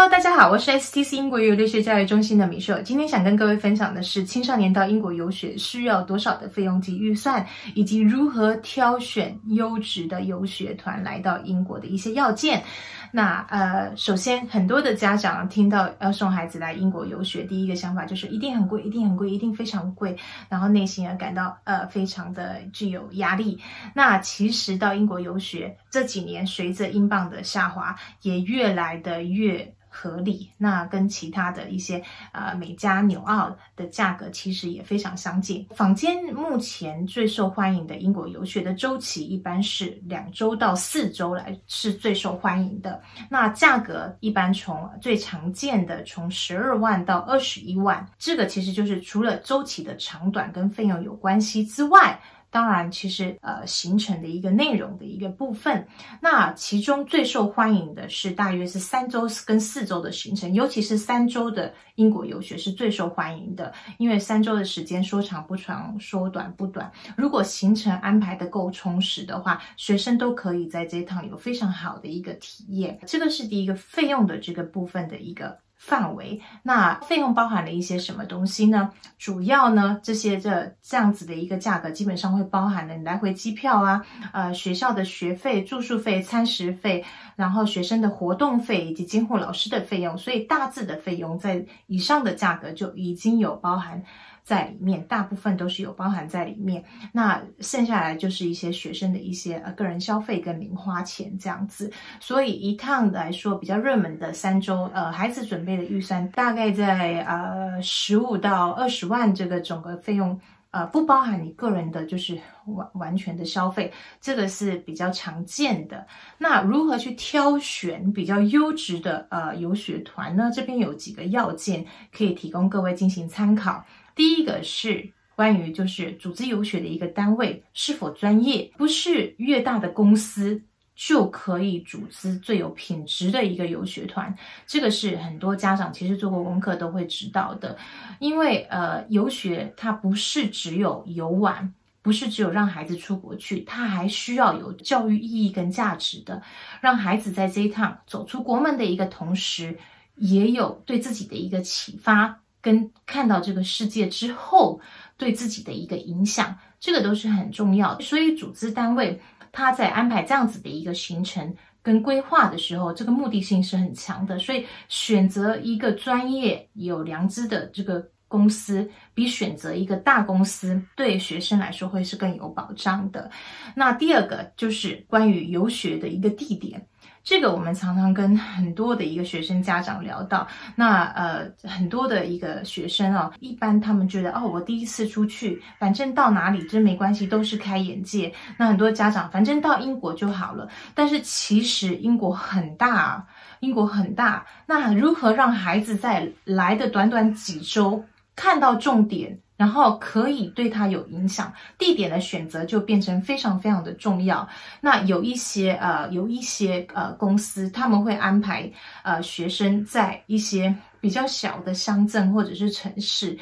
Hello，大家好，我是 STC 英國遊學教育中心的米秀。今天想跟各位分享的是青少年到英國遊學需要多少的費用及預算，以及如何挑選優質的遊學團來到英國的一些要件。那呃，首先，很多的家長聽到要送孩子來英國遊學，第一個想法就是一定很貴，一定很貴，一定非常貴，然後內心也感到呃非常的具有壓力。那其實到英國遊學，這幾年隨着英鎊的下滑，也越來的越合理。那跟其他的一些呃美加紐澳的價格其實也非常相近。坊間目前最受歡迎的英國遊學的周期一般是兩周到四周來是最受歡迎的。那價格一般從最常見的從十二萬到二十一萬，這個其實就是除了周期的長短跟費用有關係之外，當然，其實呃，行程的一個內容的一個部分，那其中最受歡迎的是大約是三週跟四週的行程，尤其是三週的英國遊學是最受歡迎的，因為三週的時間說長不長，說短不短，如果行程安排的夠充實的話，學生都可以在這趟有非常好的一個體驗。這個是第一個費用的這個部分的一個。範圍，那費用包含了一些什麼東西呢？主要呢，這些這這樣子的一個價格，基本上會包含了你來回機票啊，呃，學校的學費、住宿費、餐食費，然後學生的活動費以及監護老師的費用，所以大致的費用在以上的價格就已經有包含。在裡面，大部分都是有包含在裡面，那剩下來就是一些學生的一些呃個人消費跟零花錢這樣子，所以一趟來說比較熱門的三周，呃，孩子準備的預算大概在呃十五到二十萬這個整個費用，呃，不包含你個人的就是完完全的消費，這個是比較常見的。那如何去挑選比較優質的呃遊學團呢？這邊有幾個要件可以提供各位進行參考。第一個是關於就是組織遊學的一個單位是否專業，不是越大的公司就可以組織最有品質的一個遊學團，這個是很多家長其實做過功課都會知道的。因為呃，遊學它不是只有遊玩，不是只有讓孩子出國去，它還需要有教育意義跟價值的，讓孩子在這一趟走出國門的一個同時，也有對自己的一個啟發。跟看到這個世界之後對自己的一個影響，這個都是很重要的。所以組織單位他在安排這樣子的一個行程跟規劃的時候，這個目的性是很強的。所以選擇一個專業有良知的這個公司，比選擇一個大公司對學生來說會是更有保障的。那第二個就是關於遊學的一個地點。這個我們常常跟很多的一個學生家長聊到，那呃很多的一個學生啊、哦，一般他們覺得哦，我第一次出去，反正到哪裡真沒關係，都是開眼界。那很多家長，反正到英國就好了，但是其實英國很大，啊，英國很大。那如何讓孩子在來的短短幾周看到重點？然後可以對他有影響，地點的選擇就變成非常非常的重要。那有一些呃，有一些呃公司，他們會安排呃學生在一些比較小的鄉鎮或者是城市，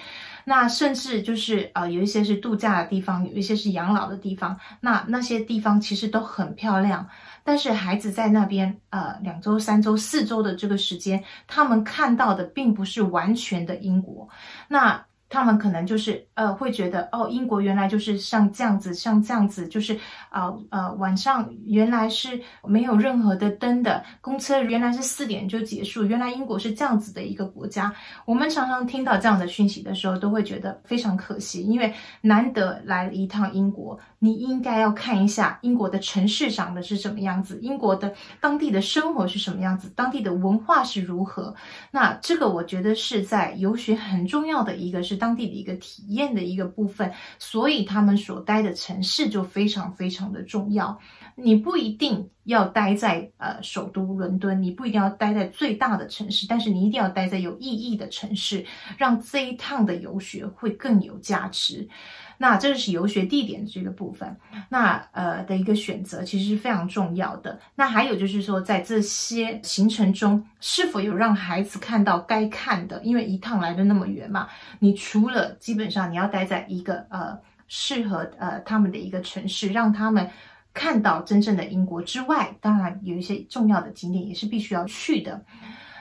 那甚至就是呃有一些是度假的地方，有一些是養老的地方。那那些地方其實都很漂亮，但是孩子在那邊呃兩周、三周、四周的這個時間，他們看到的並不是完全的英國。那他們可能就是呃，會覺得哦，英國原來，就是像這樣子，像這樣子，就是啊呃，呃晚上原來是沒有任何的燈的，公車原來是四點就結束，原來英國是這樣子的一個國家。我們常常聽到這樣的訊息的時候，都會覺得非常可惜，因為難得來一趟英國，你應該要看一下英國的城市長的是什麼樣子，英國的當地的生活是什麼樣子，當地的文化是如何。那這個我覺得是在遊學很重要的一個，是。當地的一個體驗的一個部分，所以他們所待的城市就非常非常的重要。你不一定要待在呃首都倫敦，你不一定要待在最大的城市，但是你一定要待在有意義的城市，讓這一趟的遊學會更有價值。那這是遊學地點這個部分，那呃的一個選擇其實是非常重要的。那還有就是說，在這些行程中，是否有讓孩子看到該看的因為一趟來的那麼遠嘛，你除了基本上你要待在一個呃適合呃他們的一個城市，讓他們看到真正的英國之外，當然有一些重要的景點也是必須要去的。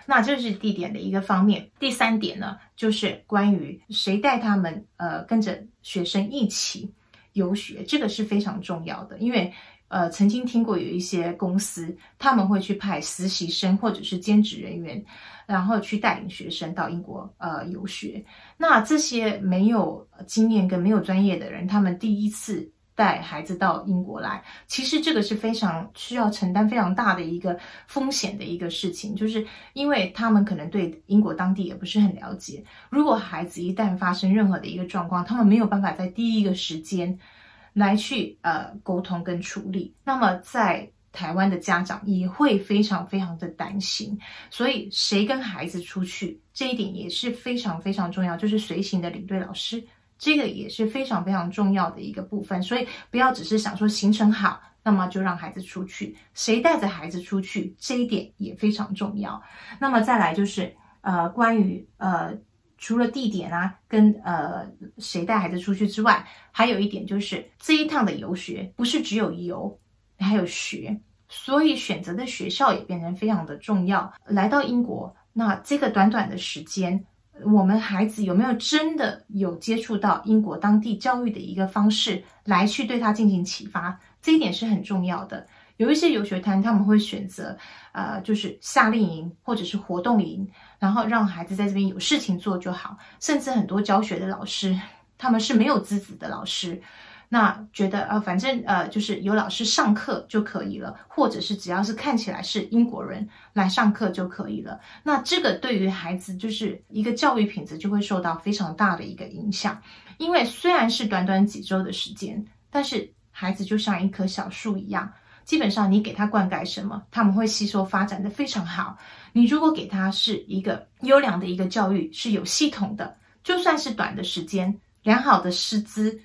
那這是地點的一個方面。第三點呢，就是關於誰帶他們，呃，跟着學生一起遊學，這個是非常重要的。因為，呃，曾經聽過有一些公司，他們會去派實習生或者是兼職人員，然後去帶領學生到英國，呃，遊學。那這些沒有經驗跟沒有專業的人，他們第一次。帶孩子到英國來，其實這個是非常需要承擔非常大的一個風險的一個事情，就是因為他們可能對英國當地也不是很了解。如果孩子一旦發生任何的一個狀況，他們沒有辦法在第一個時間來去呃溝通跟處理，那麼在台灣的家長也會非常非常的擔心。所以誰跟孩子出去，這一點也是非常非常重要，就是隨行的領隊老師。這個也是非常非常重要的一個部分，所以不要只是想說行程好，那麼就讓孩子出去。誰帶着孩子出去，這一點也非常重要。那麼再來就是呃，關於呃，除了地點啊，跟呃誰帶孩子出去之外，還有一點就是這一趟的遊學不是只有遊，還有學，所以選擇的學校也變成非常的重要。來到英國，那這個短短的時間。我們孩子有沒有真的有接觸到英國當地教育的一個方式，來去對他進行啟發，這一點是很重要的。有一些遊學團，他們會選擇，呃，就是夏令營或者是活動營，然後讓孩子在這邊有事情做就好。甚至很多教學的老師，他們是沒有資質的老師。那覺得啊、呃，反正呃，就是有老師上課就可以了，或者是只要是看起來是英國人來上課就可以了。那這個對於孩子就是一個教育品質就會受到非常大的一個影響。因為雖然是短短幾週的時間，但是孩子就像一棵小樹一樣，基本上你給他灌溉什麼，他們會吸收發展得非常好。你如果給他是一個優良的一個教育，是有系統的，就算是短的時間，良好的師資。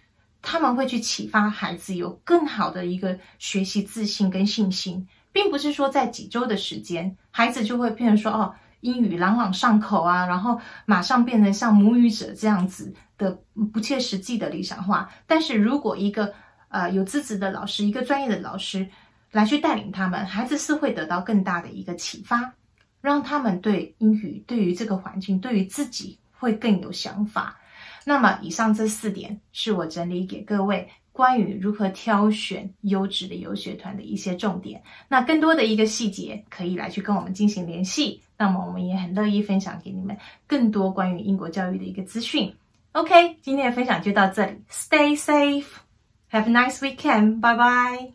他們會去啟發孩子有更好的一個學習自信跟信心，並不是說在幾周的時間，孩子就會變成說哦，英語朗朗上口啊，然後馬上變成像母語者這樣子的不切實際的理想化。但是如果一個呃有資質的老師，一個專業的老師來去帶領他們，孩子是會得到更大的一個啟發，讓他們對英語、對於這個環境、對於自己會更有想法。那麼以上這四點是我整理給各位關於如何挑選優質的遊學團的一些重點。那更多的一個細節可以來去跟我們進行聯繫，那麼我們也很樂意分享給你們更多關於英國教育的一個資訊。OK，今天的分享就到這裡。Stay safe，have a nice weekend，拜拜。